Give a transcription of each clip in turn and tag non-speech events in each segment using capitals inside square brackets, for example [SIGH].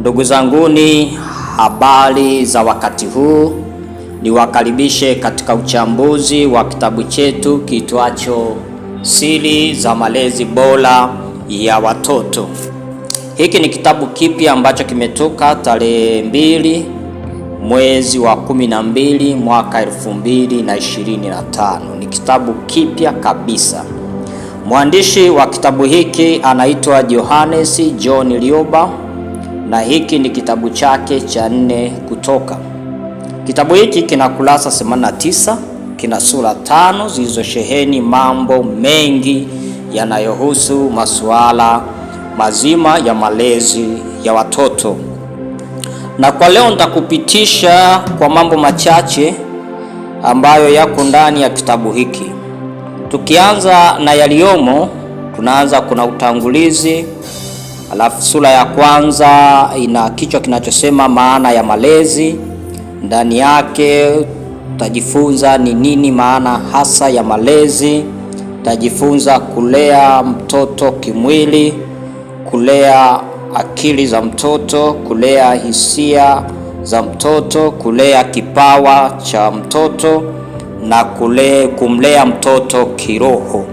Ndugu zanguni, habari za wakati huu, niwakaribishe katika uchambuzi wa kitabu chetu kiitwacho Siri za Malezi Bora ya Watoto. Hiki ni kitabu kipya ambacho kimetoka tarehe mbili mwezi wa kumi na mbili mwaka elfu mbili na ishirini na tano. Ni kitabu kipya kabisa. Mwandishi wa kitabu hiki anaitwa Johannes John Lioba na hiki ni kitabu chake cha nne Kutoka. Kitabu hiki kina kurasa 89, kina sura tano zilizosheheni mambo mengi yanayohusu masuala mazima ya malezi ya watoto, na kwa leo nitakupitisha kwa mambo machache ambayo yako ndani ya kitabu hiki. Tukianza na yaliyomo, tunaanza kuna utangulizi Alafu sura ya kwanza ina kichwa kinachosema maana ya malezi. Ndani yake utajifunza ni nini maana hasa ya malezi, utajifunza kulea mtoto kimwili, kulea akili za mtoto, kulea hisia za mtoto, kulea kipawa cha mtoto na kule kumlea mtoto kiroho.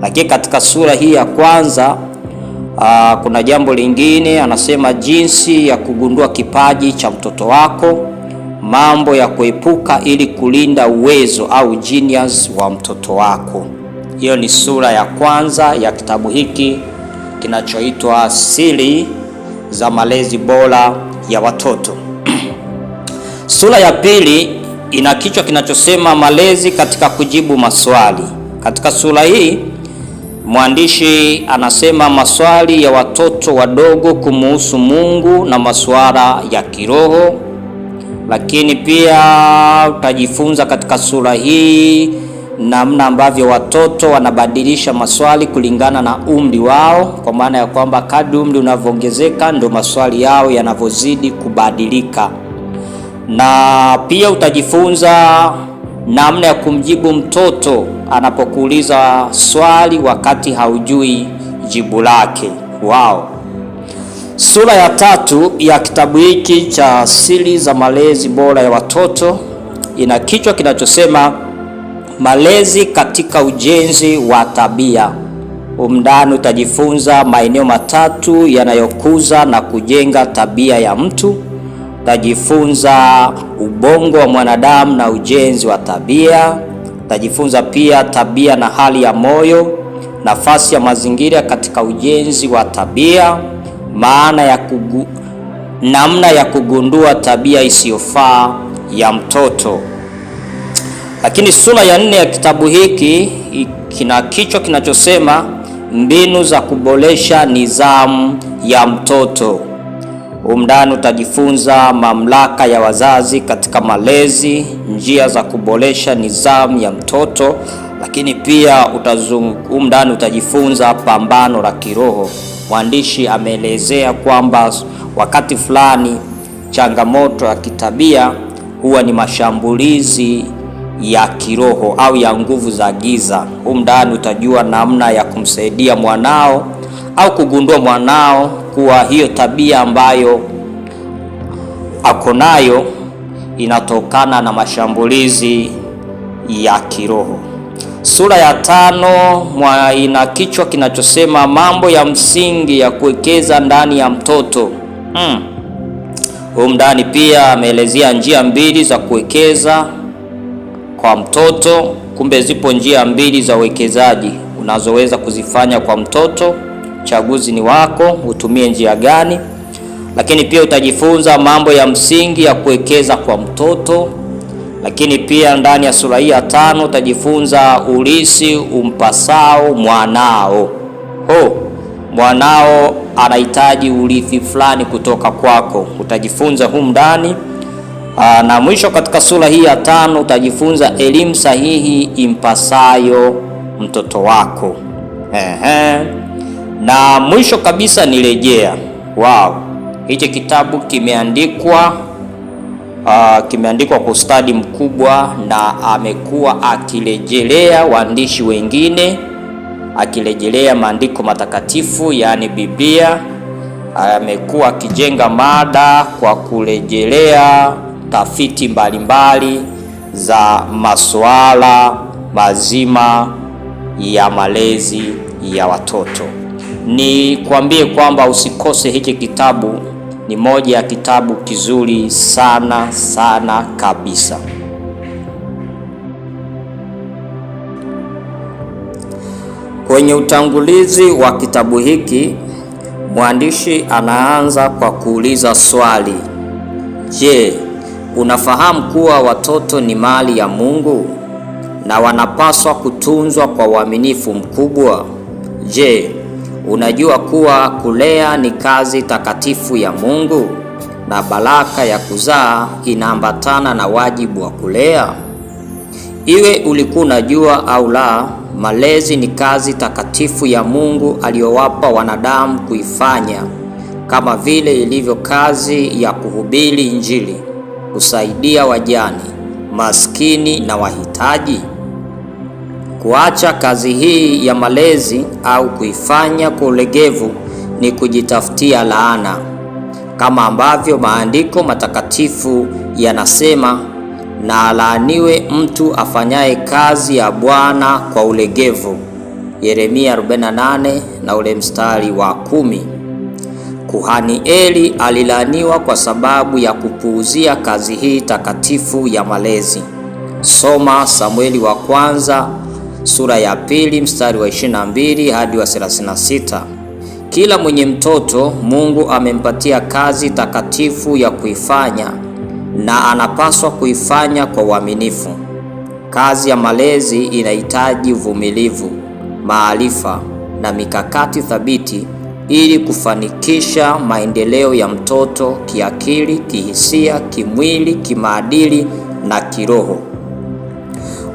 Lakini katika sura hii ya kwanza Aa, ah, kuna jambo lingine anasema jinsi ya kugundua kipaji cha mtoto wako, mambo ya kuepuka ili kulinda uwezo au genius wa mtoto wako. Hiyo ni sura ya kwanza ya kitabu hiki kinachoitwa Siri za Malezi Bora ya Watoto. [CLEARS THROAT] Sura ya pili ina kichwa kinachosema malezi katika kujibu maswali. Katika sura hii Mwandishi anasema maswali ya watoto wadogo kumuhusu Mungu na masuala ya kiroho, lakini pia utajifunza katika sura hii namna ambavyo watoto wanabadilisha maswali kulingana na umri wao, kwa maana ya kwamba kadri umri unavyoongezeka ndio maswali yao yanavyozidi kubadilika, na pia utajifunza namna ya kumjibu mtoto anapokuuliza swali wakati haujui jibu lake. Wao sura ya tatu ya kitabu hiki cha Asili za Malezi Bora ya Watoto ina kichwa kinachosema malezi katika ujenzi wa tabia. Umndani utajifunza maeneo matatu yanayokuza na kujenga tabia ya mtu tajifunza ubongo wa mwanadamu na ujenzi wa tabia. Tajifunza pia tabia na hali ya moyo, nafasi ya mazingira katika ujenzi wa tabia, maana ya kugu, namna ya kugundua tabia isiyofaa ya mtoto. Lakini sura ya nne ya kitabu hiki kina kichwa kinachosema mbinu za kuboresha nidhamu ya mtoto. Humu utajifunza mamlaka ya wazazi katika malezi, njia za kuboresha nidhamu ya mtoto, lakini pia humu utajifunza pambano la kiroho. Mwandishi ameelezea kwamba wakati fulani changamoto ya kitabia huwa ni mashambulizi ya kiroho au ya nguvu za giza. Humu ndani utajua namna ya kumsaidia mwanao au kugundua mwanao kuwa hiyo tabia ambayo ako nayo inatokana na mashambulizi ya kiroho. Sura ya tano ina kichwa kinachosema mambo ya msingi ya kuwekeza ndani ya mtoto hmm. Huu ndani pia ameelezea njia mbili za kuwekeza kwa mtoto. Kumbe zipo njia mbili za uwekezaji unazoweza kuzifanya kwa mtoto. Uchaguzi ni wako, utumie njia gani? Lakini pia utajifunza mambo ya msingi ya kuwekeza kwa mtoto. Lakini pia ndani ya sura hii ya tano utajifunza ulisi umpasao mwanao. Ho, mwanao anahitaji urithi fulani kutoka kwako, utajifunza humu ndani. Na mwisho katika sura hii ya tano utajifunza elimu sahihi impasayo mtoto wako. Ehe. Na mwisho kabisa ni rejea. Wow, hichi kitabu kimeandikwa uh, kimeandikwa kwa ustadi mkubwa, na amekuwa akirejelea waandishi wengine, akirejelea maandiko matakatifu, yaani Biblia. Amekuwa akijenga mada kwa kurejelea tafiti mbalimbali za masuala mazima ya malezi ya watoto ni kuambie kwamba usikose hiki kitabu. Ni moja ya kitabu kizuri sana sana kabisa. Kwenye utangulizi wa kitabu hiki mwandishi anaanza kwa kuuliza swali: Je, unafahamu kuwa watoto ni mali ya Mungu na wanapaswa kutunzwa kwa uaminifu mkubwa? Je, Unajua kuwa kulea ni kazi takatifu ya Mungu na baraka ya kuzaa inaambatana na wajibu wa kulea. Iwe ulikuwa unajua au la, malezi ni kazi takatifu ya Mungu aliyowapa wanadamu kuifanya, kama vile ilivyo kazi ya kuhubiri Injili, kusaidia wajani, maskini na wahitaji. Kuacha kazi hii ya malezi au kuifanya kwa ulegevu ni kujitafutia laana, kama ambavyo maandiko matakatifu yanasema, na alaaniwe mtu afanyaye kazi ya Bwana kwa ulegevu, Yeremia 48 na ule mstari wa kumi. Kuhani Eli alilaaniwa kwa sababu ya kupuuzia kazi hii takatifu ya malezi. Soma Samueli wa kwanza sura ya pili mstari wa 22 hadi wa 36. Kila mwenye mtoto Mungu amempatia kazi takatifu ya kuifanya na anapaswa kuifanya kwa uaminifu. Kazi ya malezi inahitaji uvumilivu, maarifa na mikakati thabiti ili kufanikisha maendeleo ya mtoto kiakili, kihisia, kimwili, kimaadili na kiroho.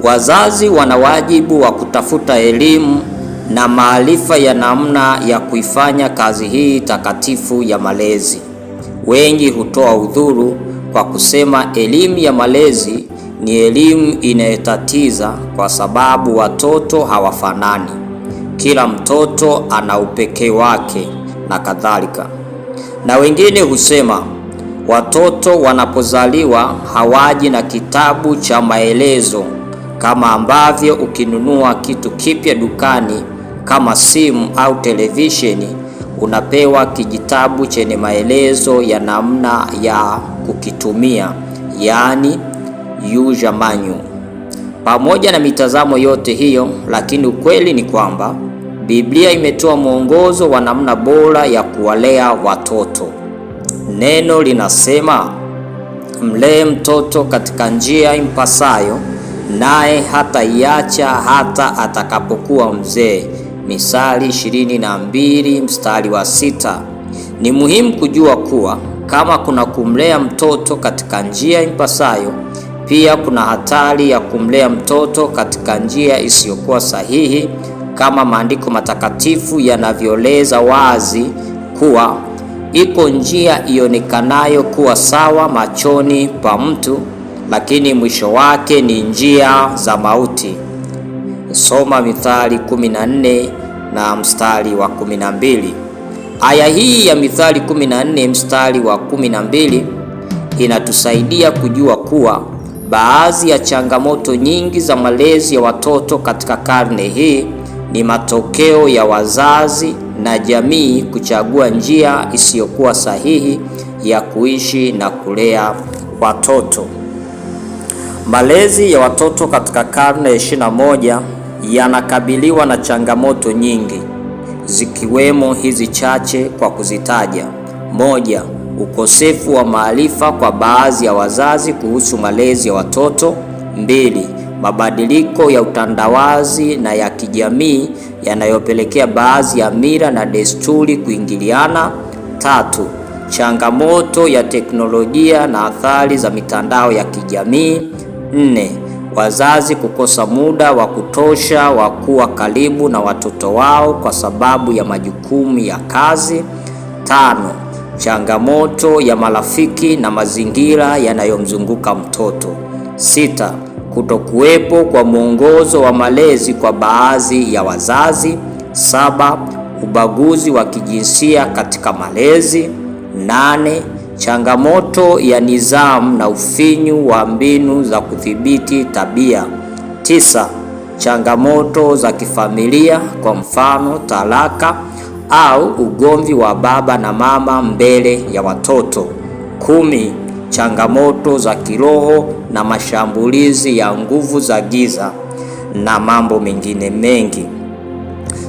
Wazazi wana wajibu wa kutafuta elimu na maarifa ya namna ya kuifanya kazi hii takatifu ya malezi. Wengi hutoa udhuru kwa kusema elimu ya malezi ni elimu inayotatiza kwa sababu watoto hawafanani, kila mtoto ana upekee wake na kadhalika. Na wengine husema watoto wanapozaliwa hawaji na kitabu cha maelezo kama ambavyo ukinunua kitu kipya dukani kama simu au televisheni unapewa kijitabu chenye maelezo ya namna ya kukitumia, yaani user manual. Pamoja na mitazamo yote hiyo, lakini ukweli ni kwamba Biblia imetoa mwongozo wa namna bora ya kuwalea watoto. Neno linasema, mlee mtoto katika njia impasayo naye hataiacha hata atakapokuwa mzee. Misali ishirini na mbili mstari wa sita. Ni muhimu kujua kuwa kama kuna kumlea mtoto katika njia impasayo, pia kuna hatari ya kumlea mtoto katika njia isiyokuwa sahihi, kama maandiko matakatifu yanavyoeleza wazi kuwa iko njia ionekanayo kuwa sawa machoni pa mtu lakini mwisho wake ni njia za mauti. Soma Mithali 14 na mstari wa 12. Aya hii ya Mithali 14 mstari wa 12 inatusaidia kujua kuwa baadhi ya changamoto nyingi za malezi ya watoto katika karne hii ni matokeo ya wazazi na jamii kuchagua njia isiyokuwa sahihi ya kuishi na kulea watoto. Malezi ya watoto katika karne ya 21 yanakabiliwa na changamoto nyingi zikiwemo hizi chache kwa kuzitaja. Moja, ukosefu wa maarifa kwa baadhi ya wazazi kuhusu malezi ya watoto. Mbili, mabadiliko ya utandawazi na ya kijamii yanayopelekea baadhi ya mila na desturi kuingiliana. Tatu, changamoto ya teknolojia na athari za mitandao ya kijamii. Nne, wazazi kukosa muda wa kutosha wa kuwa karibu na watoto wao kwa sababu ya majukumu ya kazi. Tano, changamoto ya marafiki na mazingira yanayomzunguka mtoto. Sita, kutokuwepo kwa mwongozo wa malezi kwa baadhi ya wazazi. Saba, ubaguzi wa kijinsia katika malezi. Nane, changamoto ya nidhamu na ufinyu wa mbinu za kudhibiti tabia. Tisa, changamoto za kifamilia, kwa mfano talaka au ugomvi wa baba na mama mbele ya watoto. Kumi, changamoto za kiroho na mashambulizi ya nguvu za giza na mambo mengine mengi.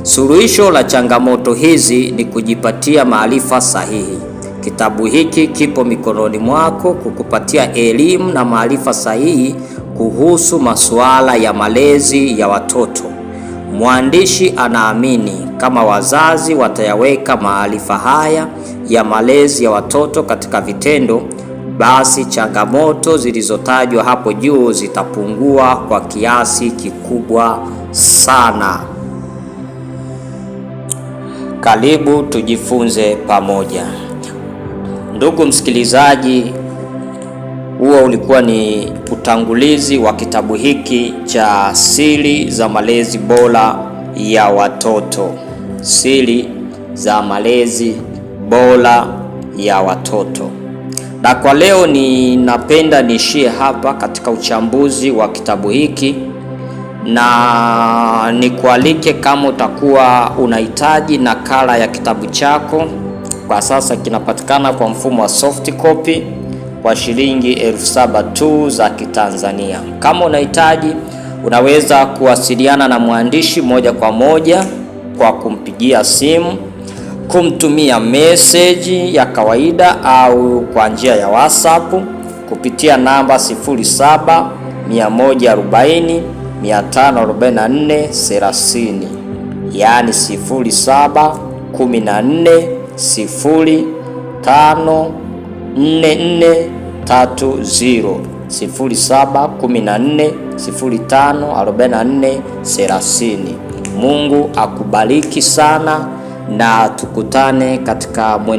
Suluhisho la changamoto hizi ni kujipatia maarifa sahihi. Kitabu hiki kipo mikononi mwako kukupatia elimu na maarifa sahihi kuhusu masuala ya malezi ya watoto. Mwandishi anaamini kama wazazi watayaweka maarifa haya ya malezi ya watoto katika vitendo, basi changamoto zilizotajwa hapo juu zitapungua kwa kiasi kikubwa sana. Karibu tujifunze pamoja. Ndugu msikilizaji, huo ulikuwa ni utangulizi wa kitabu hiki cha Siri za Malezi Bora ya Watoto. Siri za Malezi Bora ya Watoto. Na kwa leo ninapenda niishie hapa katika uchambuzi wa kitabu hiki, na nikualike kama utakuwa unahitaji nakala ya kitabu chako kwa sasa kinapatikana kwa mfumo wa soft copy kwa shilingi elfu saba tu za Kitanzania. Kama unahitaji, unaweza kuwasiliana na mwandishi moja kwa moja kwa kumpigia simu, kumtumia meseji ya kawaida au kwa njia ya WhatsApp kupitia namba 07 30, yaani 0714 sifuri tano nne nne tatu ziro sifuri saba kumi na nne sifuri tano arobaini na nne thelathini. Mungu akubariki sana na tukutane katika mwendelezo.